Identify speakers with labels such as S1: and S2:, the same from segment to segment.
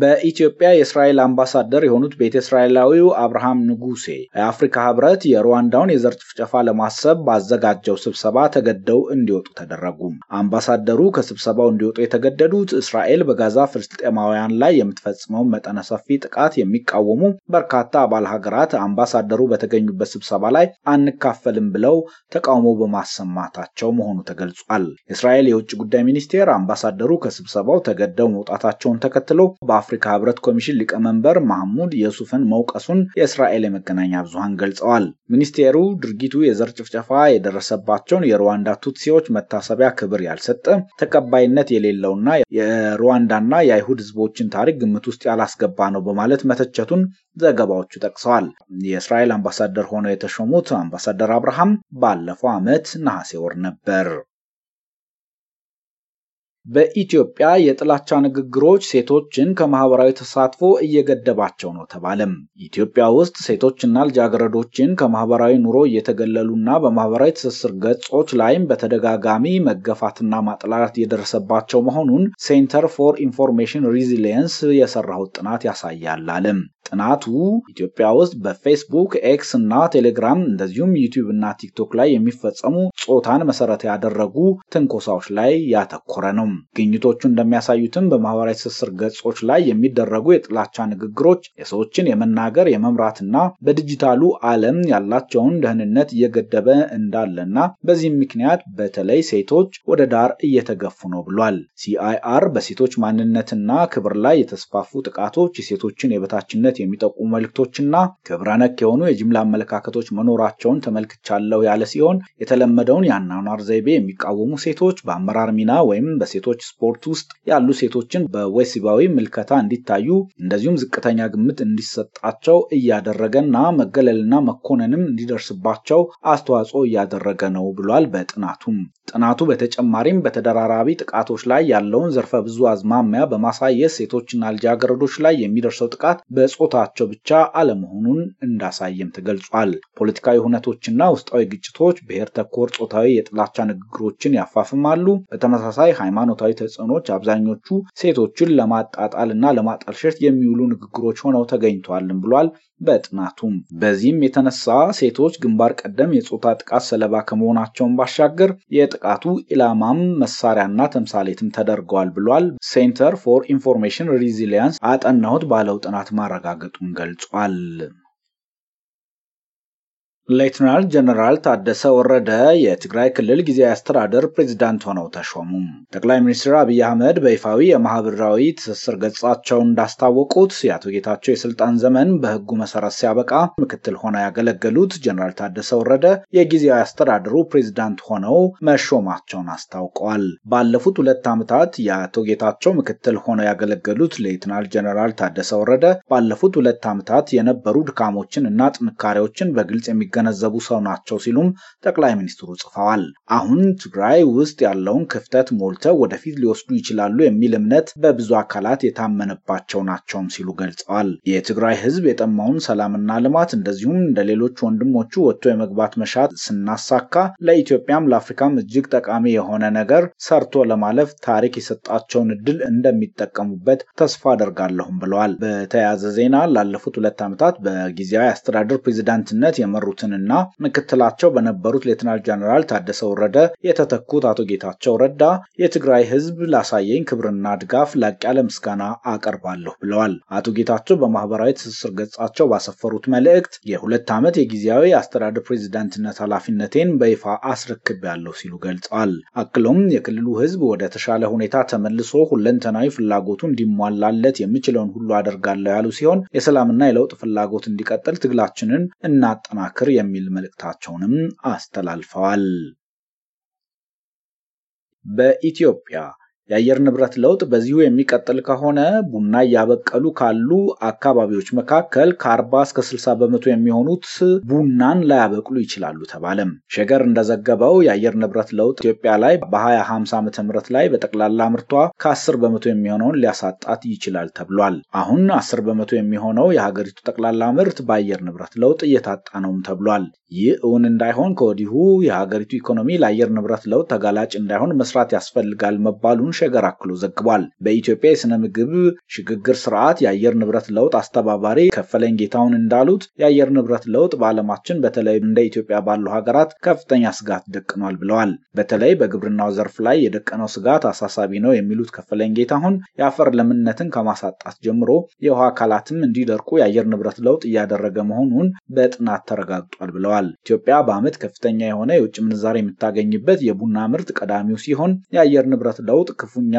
S1: በኢትዮጵያ የእስራኤል አምባሳደር የሆኑት ቤተ እስራኤላዊው አብርሃም ንጉሴ የአፍሪካ ህብረት የሩዋንዳውን የዘር ጭፍጨፋ ለማሰብ ባዘጋጀው ስብሰባ ተገደው እንዲወጡ ተደረጉ። አምባሳደሩ ከስብሰባው እንዲወጡ የተገደዱት እስራኤል በጋዛ ፍልስጤማውያን ላይ የምትፈጽመውን መጠነ ሰፊ ጥቃት የሚቃወሙ በርካታ አባል ሀገራት አምባሳደሩ በተገኙበት ስብሰባ ላይ አንካፈልም ብለው ተቃውሞ በማሰማታቸው መሆኑ ተገልጿል። የእስራኤል የውጭ ጉዳይ ሚኒስቴር አምባሳደሩ ከስብሰባው ተገደው መውጣታቸውን ተከትሎ የአፍሪካ ህብረት ኮሚሽን ሊቀመንበር ማህሙድ የሱፍን መውቀሱን የእስራኤል የመገናኛ ብዙሀን ገልጸዋል። ሚኒስቴሩ ድርጊቱ የዘር ጭፍጨፋ የደረሰባቸውን የሩዋንዳ ቱትሲዎች መታሰቢያ ክብር ያልሰጠ ተቀባይነት የሌለውና የሩዋንዳና የአይሁድ ህዝቦችን ታሪክ ግምት ውስጥ ያላስገባ ነው በማለት መተቸቱን ዘገባዎቹ ጠቅሰዋል። የእስራኤል አምባሳደር ሆነው የተሾሙት አምባሳደር አብርሃም ባለፈው ዓመት ነሐሴ ወር ነበር። በኢትዮጵያ የጥላቻ ንግግሮች ሴቶችን ከማህበራዊ ተሳትፎ እየገደባቸው ነው ተባለም። ኢትዮጵያ ውስጥ ሴቶችና ልጃገረዶችን ከማህበራዊ ኑሮ እየተገለሉና በማህበራዊ ትስስር ገጾች ላይም በተደጋጋሚ መገፋትና ማጥላት የደረሰባቸው መሆኑን ሴንተር ፎር ኢንፎርሜሽን ሪዚሊየንስ የሰራው ጥናት ያሳያል አለም። ጥናቱ ኢትዮጵያ ውስጥ በፌስቡክ ኤክስ እና ቴሌግራም እንደዚሁም ዩቲዩብ እና ቲክቶክ ላይ የሚፈጸሙ ጾታን መሰረት ያደረጉ ትንኮሳዎች ላይ ያተኮረ ነው። ግኝቶቹ እንደሚያሳዩትም በማህበራዊ ትስስር ገጾች ላይ የሚደረጉ የጥላቻ ንግግሮች የሰዎችን የመናገር የመምራትና በዲጂታሉ ዓለም ያላቸውን ደህንነት እየገደበ እንዳለና በዚህም ምክንያት በተለይ ሴቶች ወደ ዳር እየተገፉ ነው ብሏል። ሲአይአር በሴቶች ማንነትና ክብር ላይ የተስፋፉ ጥቃቶች፣ የሴቶችን የበታችነት የሚጠቁሙ መልክቶችና ክብረ ነክ የሆኑ የጅምላ አመለካከቶች መኖራቸውን ተመልክቻለሁ ያለ ሲሆን የተለመደውን የአኗኗር ዘይቤ የሚቃወሙ ሴቶች በአመራር ሚና ወይም በሴ ሴቶች ስፖርት ውስጥ ያሉ ሴቶችን በወሲባዊ ምልከታ እንዲታዩ እንደዚሁም ዝቅተኛ ግምት እንዲሰጣቸው እያደረገና መገለልና መኮነንም እንዲደርስባቸው አስተዋጽኦ እያደረገ ነው ብሏል። በጥናቱም ጥናቱ በተጨማሪም በተደራራቢ ጥቃቶች ላይ ያለውን ዘርፈ ብዙ አዝማሚያ በማሳየት ሴቶችና ልጃገረዶች ላይ የሚደርሰው ጥቃት በጾታቸው ብቻ አለመሆኑን እንዳሳየም ተገልጿል። ፖለቲካዊ ሁነቶችና ውስጣዊ ግጭቶች ብሔር ተኮር ጾታዊ የጥላቻ ንግግሮችን ያፋፍማሉ። በተመሳሳይ ሃይማኖት ሃይማኖታዊ ተጽዕኖች አብዛኞቹ ሴቶችን ለማጣጣል እና ለማጠልሸት የሚውሉ ንግግሮች ሆነው ተገኝተዋልም ብሏል። በጥናቱም በዚህም የተነሳ ሴቶች ግንባር ቀደም የጾታ ጥቃት ሰለባ ከመሆናቸውን ባሻገር የጥቃቱ ኢላማም መሳሪያና ተምሳሌትም ተደርገዋል ብሏል። ሴንተር ፎር ኢንፎርሜሽን ሪዚሊያንስ አጠናሁት ባለው ጥናት ማረጋገጡን ገልጿል። ሌትናል ጀነራል ታደሰ ወረደ የትግራይ ክልል ጊዜያዊ አስተዳደር ፕሬዚዳንት ሆነው ተሾሙ። ጠቅላይ ሚኒስትር አብይ አህመድ በይፋዊ የማህበራዊ ትስስር ገጻቸው እንዳስታወቁት የአቶ ጌታቸው የስልጣን ዘመን በህጉ መሰረት ሲያበቃ ምክትል ሆነው ያገለገሉት ጀነራል ታደሰ ወረደ የጊዜያዊ አስተዳደሩ ፕሬዚዳንት ሆነው መሾማቸውን አስታውቀዋል። ባለፉት ሁለት ዓመታት የአቶ ጌታቸው ምክትል ሆነው ያገለገሉት ሌትናል ጀነራል ታደሰ ወረደ ባለፉት ሁለት ዓመታት የነበሩ ድካሞችን እና ጥንካሬዎችን በግልጽ የሚገ የሚገነዘቡ ሰው ናቸው ሲሉም ጠቅላይ ሚኒስትሩ ጽፈዋል። አሁን ትግራይ ውስጥ ያለውን ክፍተት ሞልተው ወደፊት ሊወስዱ ይችላሉ የሚል እምነት በብዙ አካላት የታመነባቸው ናቸውም ሲሉ ገልጸዋል። የትግራይ ሕዝብ የጠማውን ሰላምና ልማት እንደዚሁም እንደ ሌሎች ወንድሞቹ ወጥቶ የመግባት መሻት ስናሳካ ለኢትዮጵያም ለአፍሪካም እጅግ ጠቃሚ የሆነ ነገር ሰርቶ ለማለፍ ታሪክ የሰጣቸውን እድል እንደሚጠቀሙበት ተስፋ አደርጋለሁም ብለዋል። በተያያዘ ዜና ላለፉት ሁለት ዓመታት በጊዜያዊ አስተዳደር ፕሬዚዳንትነት የመሩትን ጌታቸውንና ምክትላቸው በነበሩት ሌትናል ጀነራል ታደሰ ወረደ የተተኩት አቶ ጌታቸው ረዳ የትግራይ ህዝብ ላሳየኝ ክብርና ድጋፍ ላቅ ያለ ምስጋና አቀርባለሁ ብለዋል። አቶ ጌታቸው በማህበራዊ ትስስር ገጻቸው ባሰፈሩት መልእክት የሁለት ዓመት የጊዜያዊ አስተዳደር ፕሬዚዳንትነት ኃላፊነቴን በይፋ አስረክቤያለሁ ሲሉ ገልጸዋል። አክሎም የክልሉ ህዝብ ወደ ተሻለ ሁኔታ ተመልሶ ሁለንተናዊ ፍላጎቱ እንዲሟላለት የምችለውን ሁሉ አደርጋለሁ ያሉ ሲሆን የሰላምና የለውጥ ፍላጎት እንዲቀጥል ትግላችንን እናጠናክር የሚል መልእክታቸውንም አስተላልፈዋል። በኢትዮጵያ የአየር ንብረት ለውጥ በዚሁ የሚቀጥል ከሆነ ቡና እያበቀሉ ካሉ አካባቢዎች መካከል ከ40 እስከ 60 በመቶ የሚሆኑት ቡናን ላያበቅሉ ይችላሉ ተባለም። ሸገር እንደዘገበው የአየር ንብረት ለውጥ ኢትዮጵያ ላይ በ2050 ዓ ም ላይ በጠቅላላ ምርቷ ከ10 በመቶ የሚሆነውን ሊያሳጣት ይችላል ተብሏል። አሁን 10 በመቶ የሚሆነው የሀገሪቱ ጠቅላላ ምርት በአየር ንብረት ለውጥ እየታጣ ነውም ተብሏል። ይህ እውን እንዳይሆን ከወዲሁ የሀገሪቱ ኢኮኖሚ ለአየር ንብረት ለውጥ ተጋላጭ እንዳይሆን መስራት ያስፈልጋል መባሉን ሸገር አክሎ ዘግቧል። በኢትዮጵያ የስነ ምግብ ሽግግር ስርዓት የአየር ንብረት ለውጥ አስተባባሪ ከፈለኝ ጌታውን እንዳሉት የአየር ንብረት ለውጥ በዓለማችን በተለይ እንደ ኢትዮጵያ ባሉ ሀገራት ከፍተኛ ስጋት ደቅኗል ብለዋል። በተለይ በግብርናው ዘርፍ ላይ የደቀነው ስጋት አሳሳቢ ነው የሚሉት ከፈለኝ ጌታሁን የአፈር ለምነትን ከማሳጣት ጀምሮ የውሃ አካላትም እንዲደርቁ የአየር ንብረት ለውጥ እያደረገ መሆኑን በጥናት ተረጋግጧል ብለዋል። ኢትዮጵያ በዓመት ከፍተኛ የሆነ የውጭ ምንዛሬ የምታገኝበት የቡና ምርት ቀዳሚው ሲሆን የአየር ንብረት ለውጥ ክፉኛ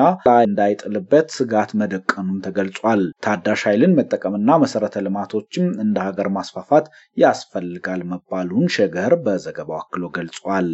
S1: እንዳይጥልበት ስጋት መደቀኑን ተገልጿል። ታዳሽ ኃይልን መጠቀምና መሰረተ ልማቶችም እንደ ሀገር ማስፋፋት ያስፈልጋል መባሉን ሸገር በዘገባው አክሎ ገልጿል።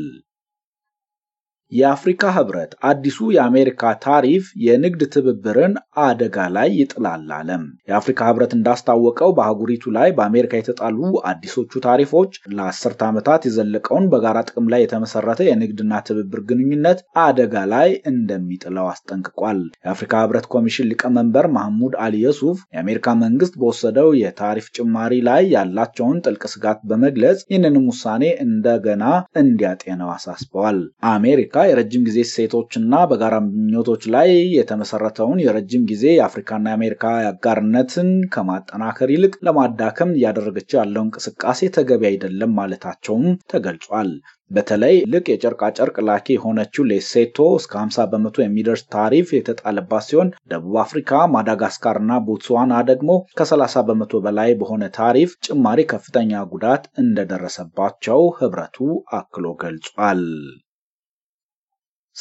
S1: የአፍሪካ ህብረት አዲሱ የአሜሪካ ታሪፍ የንግድ ትብብርን አደጋ ላይ ይጥላል አለም። የአፍሪካ ህብረት እንዳስታወቀው በአህጉሪቱ ላይ በአሜሪካ የተጣሉ አዲሶቹ ታሪፎች ለአስርት ዓመታት የዘለቀውን በጋራ ጥቅም ላይ የተመሰረተ የንግድና ትብብር ግንኙነት አደጋ ላይ እንደሚጥለው አስጠንቅቋል። የአፍሪካ ህብረት ኮሚሽን ሊቀመንበር ማህሙድ አሊ የሱፍ የአሜሪካ መንግስት በወሰደው የታሪፍ ጭማሪ ላይ ያላቸውን ጥልቅ ስጋት በመግለጽ ይህንንም ውሳኔ እንደገና እንዲያጤነው አሳስበዋል። አሜሪካ አፍሪካ የረጅም ጊዜ እሴቶችና በጋራ ምኞቶች ላይ የተመሰረተውን የረጅም ጊዜ የአፍሪካና የአሜሪካ አጋርነትን ከማጠናከር ይልቅ ለማዳከም እያደረገችው ያለው እንቅስቃሴ ተገቢ አይደለም ማለታቸውም ተገልጿል። በተለይ ልቅ የጨርቃጨርቅ ላኪ የሆነችው ሌሴቶ እስከ 50 በመቶ የሚደርስ ታሪፍ የተጣለባት ሲሆን ደቡብ አፍሪካ፣ ማዳጋስካር እና ቦትስዋና ደግሞ ከ30 በመቶ በላይ በሆነ ታሪፍ ጭማሪ ከፍተኛ ጉዳት እንደደረሰባቸው ህብረቱ አክሎ ገልጿል።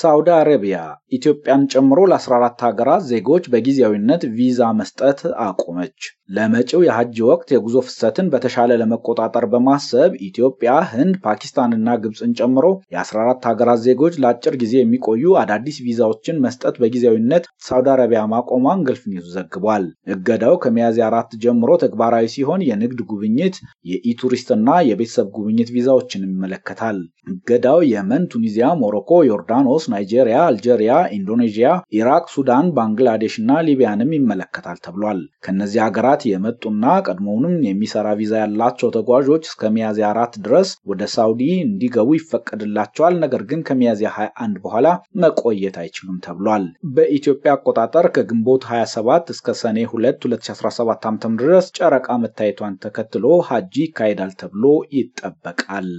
S1: ሳውዲ አረቢያ ኢትዮጵያን ጨምሮ ለ14 ሀገራት ዜጎች በጊዜያዊነት ቪዛ መስጠት አቆመች። ለመጪው የሐጅ ወቅት የጉዞ ፍሰትን በተሻለ ለመቆጣጠር በማሰብ ኢትዮጵያ፣ ህንድ፣ ፓኪስታንና ግብፅን ጨምሮ የ14 ሀገራት ዜጎች ለአጭር ጊዜ የሚቆዩ አዳዲስ ቪዛዎችን መስጠት በጊዜያዊነት ሳውዲ አረቢያ ማቆሟን ገልፍ ኒውስ ዘግቧል። እገዳው ከሚያዝያ አራት ጀምሮ ተግባራዊ ሲሆን የንግድ ጉብኝት፣ የኢቱሪስትና የቤተሰብ ጉብኝት ቪዛዎችን ይመለከታል። እገዳው የመን፣ ቱኒዚያ፣ ሞሮኮ፣ ዮርዳኖስ ላኦስ፣ ናይጄሪያ፣ አልጄሪያ፣ ኢንዶኔዥያ፣ ኢራቅ፣ ሱዳን፣ ባንግላዴሽ እና ሊቢያንም ይመለከታል ተብሏል። ከእነዚህ ሀገራት የመጡና ቀድሞውንም የሚሰራ ቪዛ ያላቸው ተጓዦች እስከ ሚያዝያ አራት ድረስ ወደ ሳውዲ እንዲገቡ ይፈቀድላቸዋል። ነገር ግን ከሚያዝያ 21 በኋላ መቆየት አይችሉም ተብሏል። በኢትዮጵያ አቆጣጠር ከግንቦት 27 እስከ ሰኔ 2 2017 ዓ.ም ድረስ ጨረቃ መታየቷን ተከትሎ ሀጂ ይካሄዳል ተብሎ ይጠበቃል።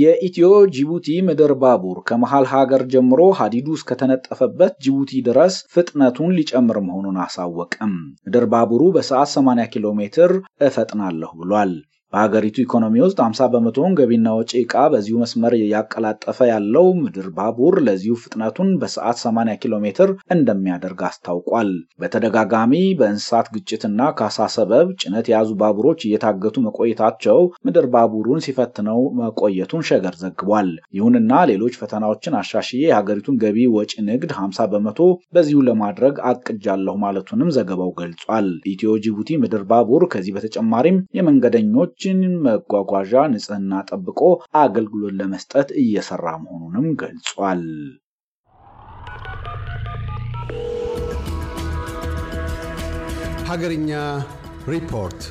S1: የኢትዮ ጅቡቲ ምድር ባቡር ከመሃል ሀገር ጀምሮ ሀዲዱ እስከተነጠፈበት ጅቡቲ ድረስ ፍጥነቱን ሊጨምር መሆኑን አሳወቅም። ምድር ባቡሩ በሰዓት 80 ኪሎ ሜትር እፈጥናለሁ ብሏል። በሀገሪቱ ኢኮኖሚ ውስጥ 50 በመቶውን ገቢና ወጪ ዕቃ በዚሁ መስመር ያቀላጠፈ ያለው ምድር ባቡር ለዚሁ ፍጥነቱን በሰዓት 80 ኪሎ ሜትር እንደሚያደርግ አስታውቋል። በተደጋጋሚ በእንስሳት ግጭትና ካሳ ሰበብ ጭነት የያዙ ባቡሮች እየታገቱ መቆየታቸው ምድር ባቡሩን ሲፈትነው መቆየቱን ሸገር ዘግቧል። ይሁንና ሌሎች ፈተናዎችን አሻሽዬ የሀገሪቱን ገቢ ወጪ ንግድ 50 በመቶ በዚሁ ለማድረግ አቅጃለሁ ማለቱንም ዘገባው ገልጿል። ኢትዮ ጅቡቲ ምድር ባቡር ከዚህ በተጨማሪም የመንገደኞች የሰዎችን መጓጓዣ ንጽህና ጠብቆ አገልግሎት ለመስጠት እየሰራ መሆኑንም ገልጿል። ሀገርኛ ሪፖርት